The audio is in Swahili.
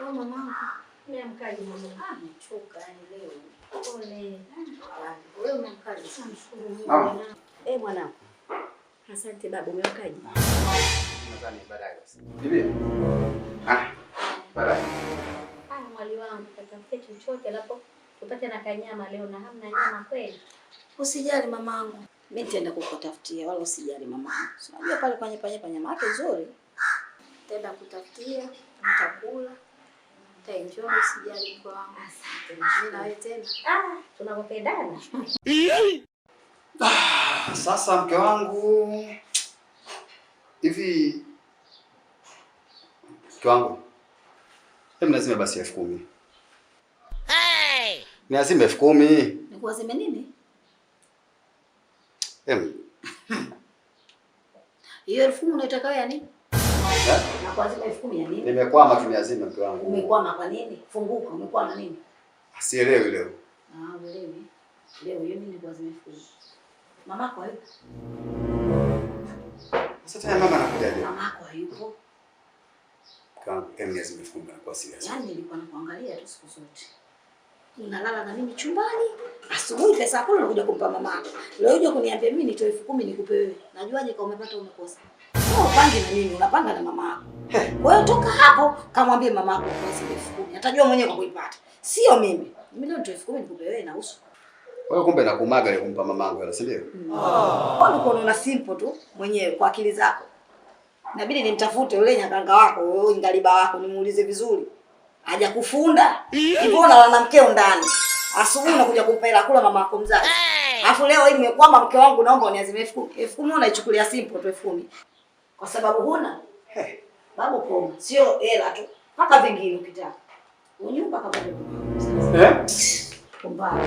Wewe mwanangu, mimi mkali mwanangu. Ah, yaani eh, mwanangu. Asante babu, umekaje? Ah, mwali wangu katafute chochote lapo tupate na kanyama leo na hamna nyama kweli. Usijali mamangu. Mimi nitaenda kukutafutia wala usijali mamangu. Unajua pale kwenye panya panya nyama yake nzuri. Nitaenda kutafutia, nitakula. Ah, ah, sasa mke wangu hivi mke wangu hebu nazime basi elfu kumi. Hey! Ni azime elfu kumi. Ni nini? Hiyo elfu kumi unaitaka ya nini? Eh? Nimekwama kimya zima mke wangu. Umekwama kwa nini? Funguka, umekwama nini? Sielewi leo. Ah, uelewi. Leo yeye nini kwa Mama kwa hiyo. Sasa tena mama anakuja leo. Mama Mamako hayupo. Kama kemia zimefunga kwa siasa. Yaani nilikuwa nakuangalia tu siku zote unalala na mimi chumbani, asubuhi pesa yako unakuja kumpa mama. Leo uje kuniambia mimi nitoe elfu kumi nikupe wewe. Najuaje kama umepata umekosa? Sio upange na mimi, unapanga na mama yako. Kwa hiyo toka hapo kamwambie mama yako kwanza elfu kumi. Atajua mwenyewe kwa kuipata. Sio mimi. Mimi leo nitoe elfu kumi nikupe wewe na uso. Wewe kumbe na kumaga ile kumpa mamangu yule, si ndio? Ah. Wewe na simple tu mwenyewe kwa akili zako. Inabidi nimtafute yule nyakanga wako, yule ngaliba wako nimuulize vizuri hajakufunda ivona wana mkeo ndani, asubuhi unakuja kumpa hela kula mama yako mzazi, afu leo hii nimekwama, mke wangu naomba uniazime elfu kumi. Elfu kumi unaichukulia simple tu elfu kumi kwa sababu huna babu koma, sio hela tu, mpaka vingine ukitaka unyumba kama eh, kumbaya